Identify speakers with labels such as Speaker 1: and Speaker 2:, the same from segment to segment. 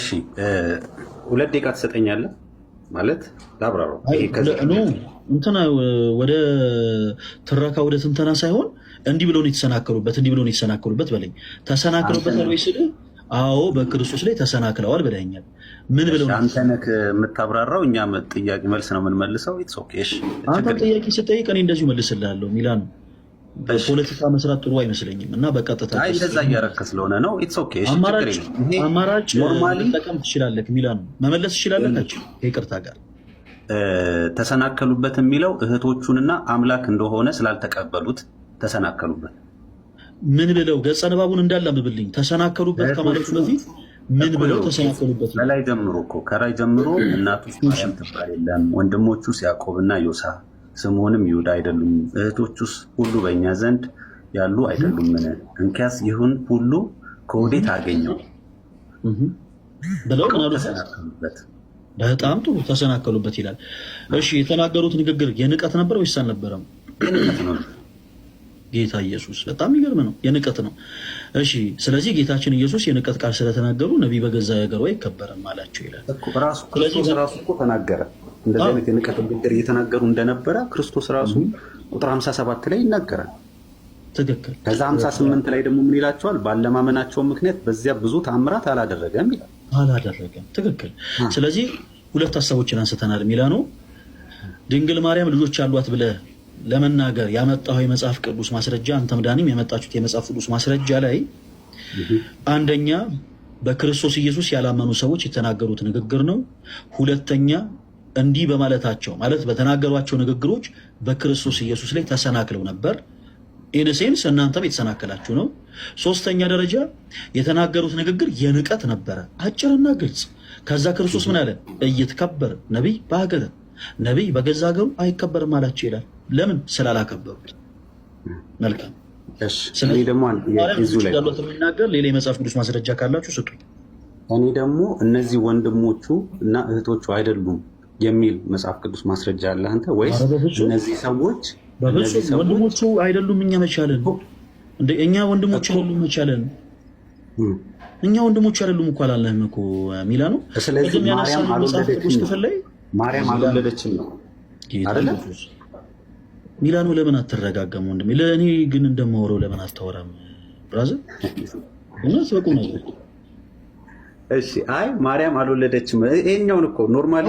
Speaker 1: እሺ ሁለት ደቂቃ ትሰጠኛለህ? ማለት ላብራራው
Speaker 2: እንትና ወደ ትረካ ወደ ትንተና ሳይሆን እንዲህ ብሎ የተሰናከሩበት የተሰናከሉበት፣ እንዲህ ብሎ ነው በለኝ። ተሰናክሉበት ነው ስል አዎ በክርስቶስ ላይ ተሰናክለዋል ብለኛል።
Speaker 1: ምን ብለው አንተ ነህ የምታብራራው፣ እኛም ጥያቄ መልስ ነው የምንመልሰው።
Speaker 2: አንተም ጥያቄ ስጠይቅ እኔ እንደዚሁ መልስልሃለሁ ሚላ ነው በፖለቲካ መስራት ጥሩ አይመስለኝም እና በቀጥታ
Speaker 1: እንደዛ እያረክ ስለሆነ ነው።
Speaker 2: አማራጭ መጠቀም ትችላለህ የሚላ ነው። መመለስ ትችላለህ ናቸው ይቅርታ ጋር
Speaker 1: ተሰናከሉበት የሚለው እህቶቹንና አምላክ እንደሆነ ስላልተቀበሉት ተሰናከሉበት።
Speaker 2: ምን ብለው ገጸ ንባቡን እንዳላምብልኝ ተሰናከሉበት ከማለቱ በፊት ምን ብለው ተሰናከሉበት?
Speaker 1: ከላይ ጀምሮ እኮ ከላይ ጀምሮ እናቱ ማርያም ትባል የለም ወንድሞቹ ያዕቆብና ዮሳ ስምዖንም ይሁዳ አይደሉም? እህቶቹስ ሁሉ በእኛ ዘንድ ያሉ አይደሉምን? እንኪያስ ይሁን ሁሉ ከወዴት አገኘው
Speaker 2: ብለው ተሰናከሉበት። በጣም ጥሩ ተሰናከሉበት ይላል። እሺ የተናገሩት ንግግር የንቀት ነበር ወይስ አልነበረም? ጌታ ኢየሱስ በጣም የሚገርም ነው። የንቀት ነው። እሺ ስለዚህ ጌታችን ኢየሱስ የንቀት ቃል ስለተናገሩ ነቢይ በገዛ ሀገሩ አይከበርም አላቸው ይላል።
Speaker 1: ራሱ እኮ ተናገረ እንደዚህ አይነት የንቀት ንግግር እየተናገሩ እንደነበረ ክርስቶስ ራሱ ቁጥር 57 ላይ ይናገራል። ከዛ 58 ላይ ደግሞ ምን ይላቸዋል? ባለማመናቸው ምክንያት በዚያ ብዙ ታምራት አላደረገም ይላል።
Speaker 2: አላደረገም። ትክክል። ስለዚህ ሁለት ሀሳቦችን አንስተናል። ሚላኖ ድንግል ማርያም ልጆች አሏት ብለ ለመናገር ያመጣው የመጽሐፍ ቅዱስ ማስረጃ፣ አንተም ዳኒም ያመጣችሁት የመጽሐፍ ቅዱስ ማስረጃ ላይ አንደኛ በክርስቶስ ኢየሱስ ያላመኑ ሰዎች የተናገሩት ንግግር ነው። ሁለተኛ እንዲህ በማለታቸው ማለት በተናገሯቸው ንግግሮች በክርስቶስ ኢየሱስ ላይ ተሰናክለው ነበር። ኢንሴንስ እናንተም የተሰናከላችሁ ነው። ሶስተኛ ደረጃ የተናገሩት ንግግር የንቀት ነበረ፣ አጭርና ግልጽ። ከዛ ክርስቶስ ምን አለ? እይትከበር ነቢይ በሀገረ ነቢይ በገዛ ሀገሩ አይከበርም አላቸው ይላል። ለምን? ስላላከበሩት። መልካም
Speaker 1: የሚናገር
Speaker 2: ሌላ የመጽሐፍ ቅዱስ ማስረጃ ካላችሁ ስጡ።
Speaker 1: እኔ ደግሞ እነዚህ ወንድሞቹ እና እህቶቹ አይደሉም የሚል መጽሐፍ ቅዱስ ማስረጃ አለ አንተ ወይስ እነዚህ ሰዎች
Speaker 2: ወንድሞቹ አይደሉም? እኛ መቻለን እንደ እኛ ወንድሞች አይደሉም? መቻለን እኛ ወንድሞች አይደሉም እኮ አላለህም እኮ ሚላ ነው።
Speaker 1: ስለዚህ ማርያም አልወለደችም ነው ማርያም አልወለደችም ነው
Speaker 2: አይደለ? ነው። ለምን አትረጋገም ወንድሜ? ለእኔ ግን እንደማወራው ለምን አታወራም ብራዘር? እውነት በቁም ነው
Speaker 1: እሺ አይ ማርያም አልወለደችም። ይሄኛውን እኮ ኖርማሊ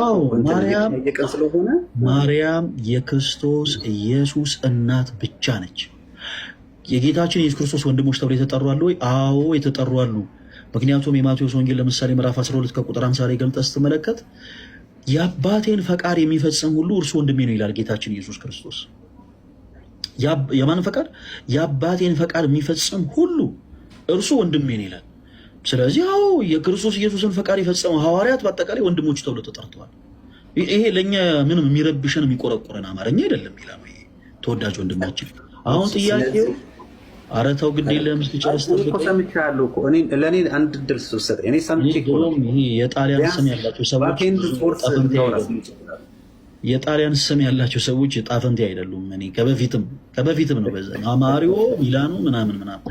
Speaker 2: ቀን ስለሆነ ማርያም የክርስቶስ ኢየሱስ እናት ብቻ ነች። የጌታችን የኢየሱስ ክርስቶስ ወንድሞች ተብሎ የተጠሩ አሉ ወይ? አዎ የተጠሩ አሉ። ምክንያቱም የማቴዎስ ወንጌል ለምሳሌ ምዕራፍ 12 ከቁጥር 50 ላይ ገልጠህ ስትመለከት የአባቴን ፈቃድ የሚፈጽም ሁሉ እርሱ ወንድሜ ነው ይላል ጌታችን ኢየሱስ ክርስቶስ። የማን ፈቃድ? የአባቴን ፈቃድ የሚፈጽም ሁሉ እርሱ ወንድሜ ነው ይላል ስለዚህ አዎ የክርስቶስ ኢየሱስን ፈቃድ የፈጸሙ ሐዋርያት በአጠቃላይ ወንድሞች ተብሎ ተጠርተዋል። ይሄ ለእኛ ምንም የሚረብሸን የሚቆረቁረን አማርኛ አይደለም ይላሉ። ይሄ ተወዳጅ ወንድማችን አሁን ጥያቄው አረተው ግድ የለም ስትጨርስ ለእኔ
Speaker 1: አንድ ድርስ ውሰጥ እኔ ሰምቼ
Speaker 2: የጣሊያን ስም ያላቸው ሰዎች የጣሊያን ስም ያላቸው ሰዎች ጣፈንቴ አይደሉም። እኔ ከበፊትም ከበፊትም ነው በዛ ማሪዮ ሚላኑ ምናምን ምናምን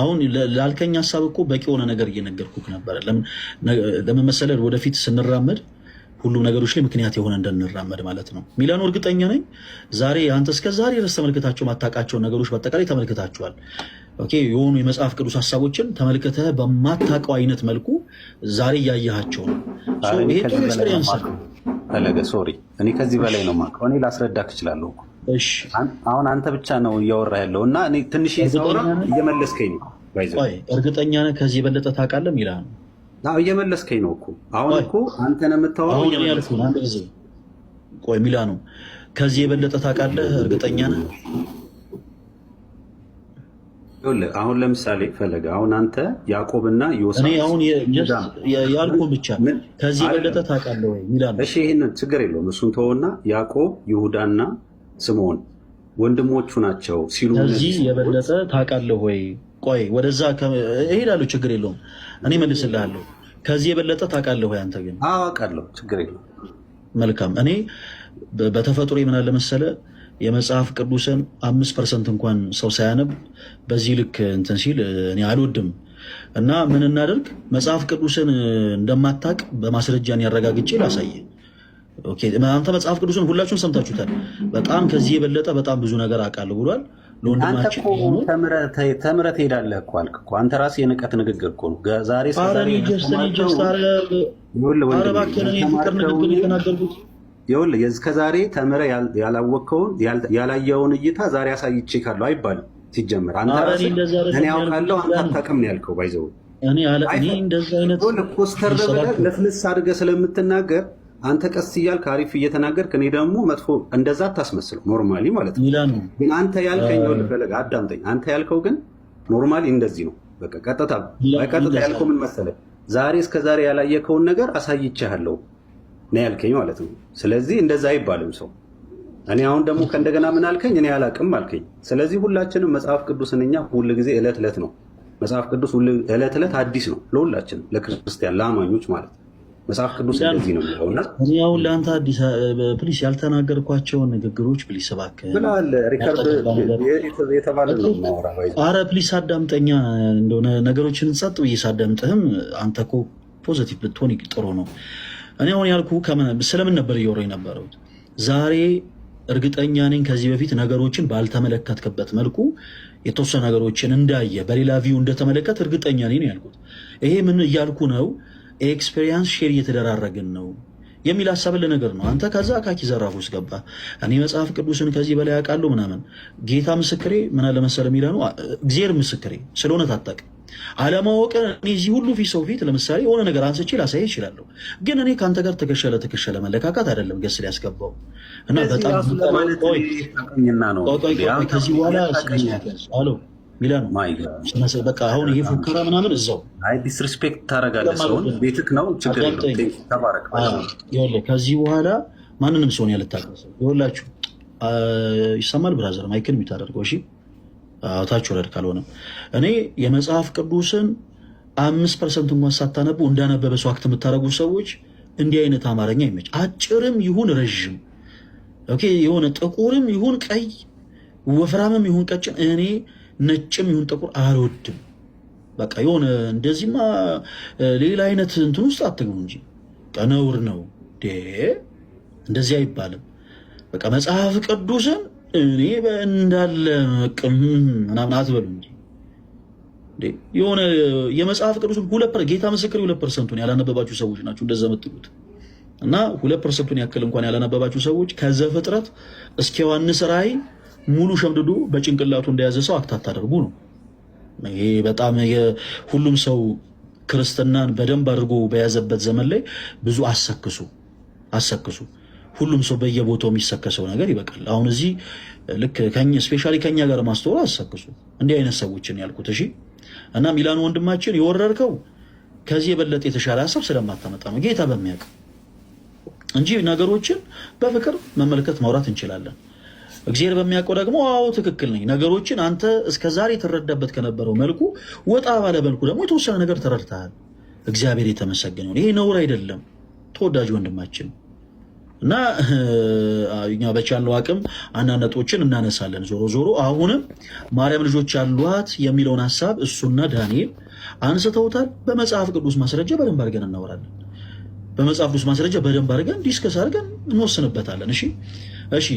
Speaker 2: አሁን ላልከኝ ሀሳብ እኮ በቂ የሆነ ነገር እየነገርኩህ ነበረ። ለምን መሰለህ? ወደፊት ስንራመድ ሁሉም ነገሮች ላይ ምክንያት የሆነ እንደንራመድ ማለት ነው ሚለኑ እርግጠኛ ነኝ። ዛሬ አንተ እስከ ዛሬ ድረስ ተመልክታቸው ማታውቃቸውን ነገሮች በአጠቃላይ ተመልክታቸዋል። የሆኑ የመጽሐፍ ቅዱስ ሀሳቦችን ተመልክተህ በማታውቀው አይነት መልኩ ዛሬ እያየሃቸው ነው። ይሄ ነው።
Speaker 1: ፈለገ ሶሪ፣ እኔ ከዚህ በላይ ነው ማቀው። እኔ ላስረዳህ እችላለሁ አሁን አንተ ብቻ ነው እያወራ ያለው እና ትንሽ እየመለስከኝ ነው።
Speaker 2: እርግጠኛ ነህ ከዚህ የበለጠ ታውቃለህ ይላል
Speaker 1: ነው እየመለስከኝ ነው እኮ አሁን እኮ አንተ ነው
Speaker 2: የምታወራው። ቆይ ሚላ ነው ከዚህ የበለጠ ታውቃለህ? እርግጠኛ ነህ?
Speaker 1: አሁን ለምሳሌ ፈለገ አሁን አንተ ያዕቆብና ዮሴፍ
Speaker 2: አሁን ያልኩህ ብቻ ከዚህ የበለጠ ታውቃለህ ወይ ሚላ
Speaker 1: እሺ ይህንን ችግር የለውም እሱን ተወውና ያዕቆብ ይሁዳና ስምዖን ወንድሞቹ ናቸው ሲሉ
Speaker 2: እዚህ የበለጠ ታውቃለህ ወይ? ቆይ ወደዛ እሄዳለሁ፣ ችግር የለውም እኔ መልስልሃለሁ። ከዚህ የበለጠ ታውቃለህ ወይ አንተ? ግን
Speaker 1: አውቃለሁ፣ ችግር የለውም።
Speaker 2: መልካም። እኔ በተፈጥሮ ምን ለመሰለ መሰለ የመጽሐፍ ቅዱስን አምስት ፐርሰንት እንኳን ሰው ሳያነብ በዚህ ልክ እንትን ሲል እኔ አልወድም። እና ምን እናደርግ መጽሐፍ ቅዱስን እንደማታውቅ በማስረጃ ያረጋግጬ ላሳየ አንተ መጽሐፍ ቅዱስን ሁላችሁም ሰምታችሁታል። በጣም ከዚህ የበለጠ በጣም ብዙ ነገር አውቃለሁ ብሏል። ለወንድማችን
Speaker 1: ተምረህ ትሄዳለህ እኮ አልክ እኮ አንተ ራስህ የንቀት ንግግር እኮ ነው። ዛሬ ከዛሬ ተምረ ያላወቅከውን ያላየውን እይታ ዛሬ አሳይቼ ካለው አይባልም። ሲጀመር አንተ ራስህ እኔ አውቃለሁ አንተ አታውቅም ነው ያልከው። ባይዘው ኮስተር ብለህ ለፍልስ አድርገህ ስለምትናገር አንተ ቀስ እያልክ አሪፍ እየተናገርክ እኔ ደግሞ መጥፎ እንደዛ አታስመስለው። ኖርማሊ ማለት ነው። ግን አንተ ያልከኝ ልፈለግ አዳምጠኝ። አንተ ያልከው ግን ኖርማሊ እንደዚህ ነው። በቃ ቀጥታ ቀጥታ ያልከው ምን መሰለህ፣ ዛሬ እስከ ዛሬ ያላየከውን ነገር አሳይቻለሁ ነው ያልከኝ ማለት ነው። ስለዚህ እንደዛ አይባልም ሰው። እኔ አሁን ደግሞ ከእንደገና ምን አልከኝ? እኔ አላቅም አልከኝ። ስለዚህ ሁላችንም መጽሐፍ ቅዱስን እኛ ሁል ጊዜ እለት እለት ነው መጽሐፍ ቅዱስ እለት እለት አዲስ ነው ለሁላችንም፣ ለክርስቲያን ለአማኞች ማለት ነው መጽሐፍ ቅዱስ እንደዚህ ነው የሚለውና
Speaker 2: እኔ አሁን ለአንተ አዲስ ፕሊስ ያልተናገርኳቸውን ንግግሮች ፕሊስ እባክህ
Speaker 1: ብለሃል። ሪከርድ የተባለ ነው ማውራ።
Speaker 2: አረ ፕሊስ አዳምጠኛ እንደሆነ ነገሮችን ጸጥ ብዬ ሳዳምጥህም አንተ እኮ ፖዘቲቭ ብትሆን ጥሩ ነው። እኔ አሁን ያልኩ ስለምን ነበር እየወረ የነበረው ዛሬ እርግጠኛ ነኝ ከዚህ በፊት ነገሮችን ባልተመለከትክበት መልኩ የተወሰኑ ነገሮችን እንዳየ በሌላ ቪው እንደተመለከት እርግጠኛ ነኝ ያልኩት። ይሄ ምን እያልኩ ነው ኤክስፔሪንስ ሼር እየተደራረግን ነው የሚል ሀሳብን ነገር ነው። አንተ ከዛ አካኪ ዘራፍ ውስጥ ገባ። እኔ መጽሐፍ ቅዱስን ከዚህ በላይ አውቃለሁ ምናምን ጌታ ምስክሬ ምን አለ የሚለ ነው እግዜር ምስክሬ ስለሆነ ታጠቅ አለማወቅ እኔ እዚህ ሁሉ ፊት ሰው ፊት ለምሳሌ የሆነ ነገር አንስቼ ላሳይ ይችላለሁ፣ ግን እኔ ከአንተ ጋር ተከሸለ ተከሸለ መለካካት አይደለም ገስ ሊያስገባው እና በጣም ከዚህ በኋላ ሚላን በቃ አሁን ይሄ ፉከራ ምናምን እዛው
Speaker 1: ዲስሪስፔክት ታደርጋለህ። ሰውን ቤትህ ነው ችግር የለውም።
Speaker 2: ከዚህ በኋላ ማንንም ሲሆን ያልታቀሰው ይኸውላችሁ፣ ይሰማል ብራዘር ማይክን የሚታደርገው እሺ፣ ታች ወረድ ካልሆነ እኔ የመጽሐፍ ቅዱስን አምስት ፐርሰንት እንኳን ሳታነቡ እንዳነበበ ሰው አክት የምታደረጉ ሰዎች እንዲህ አይነት አማርኛ ይመች። አጭርም ይሁን ረዥም፣ ኦኬ የሆነ ጥቁርም ይሁን ቀይ፣ ወፍራምም ይሁን ቀጭን እኔ ነጭም ይሁን ጥቁር አልወድም። በቃ የሆነ እንደዚህማ ሌላ አይነት እንትን ውስጥ አትግቡ እንጂ ቀነውር ነው እንደዚህ አይባልም። በቃ መጽሐፍ ቅዱስን እኔ እንዳለ ቅም ምናምን አትበሉ እንጂ የሆነ የመጽሐፍ ቅዱስን ሁለት ጌታ ምስክር ሁለት ፐርሰንቱን ያላነበባችሁ ሰዎች ናቸው እንደዛ የምትሉት እና ሁለት ፐርሰንቱን ያክል እንኳን ያላነበባችሁ ሰዎች ከዘፍጥረት እስከ ዮሐንስ ራእይ ሙሉ ሸምድዶ በጭንቅላቱ እንደያዘ ሰው አክታት አታደርጉ ነው። ይሄ በጣም ሁሉም ሰው ክርስትናን በደንብ አድርጎ በያዘበት ዘመን ላይ ብዙ አሰክሱ አሰክሱ ሁሉም ሰው በየቦታው የሚሰከሰው ነገር ይበቃል። አሁን እዚህ ልክ ስፔሻሊ ከኛ ጋር ማስተወር አሰክሱ እንዲህ አይነት ሰዎችን ያልኩት። እሺ እና ሚላኑ ወንድማችን የወረድከው ከዚህ የበለጠ የተሻለ ሀሳብ ስለማታመጣ ነው ጌታ በሚያውቅ እንጂ ነገሮችን በፍቅር መመልከት ማውራት እንችላለን። እግዚአብሔር በሚያውቀው ደግሞ አዎ ትክክል ነኝ፣ ነገሮችን አንተ እስከዛሬ ትረዳበት ከነበረው መልኩ ወጣ ባለ መልኩ ደግሞ የተወሰነ ነገር ተረድተሃል። እግዚአብሔር የተመሰገነ ይሄ ነውር አይደለም፣ ተወዳጅ ወንድማችን እና እኛ በቻለው አቅም አንዳንድ እናነሳለን። ዞሮ ዞሮ አሁንም ማርያም ልጆች ያሏት የሚለውን ሀሳብ እሱና ዳንኤል አንስተውታል። በመጽሐፍ ቅዱስ ማስረጃ በደንብ አድርገን እናወራለን። በመጽሐፍ ቅዱስ ማስረጃ በደንብ አድርገን ዲስከስ አድርገን እንወስንበታለን። እሺ እሺ።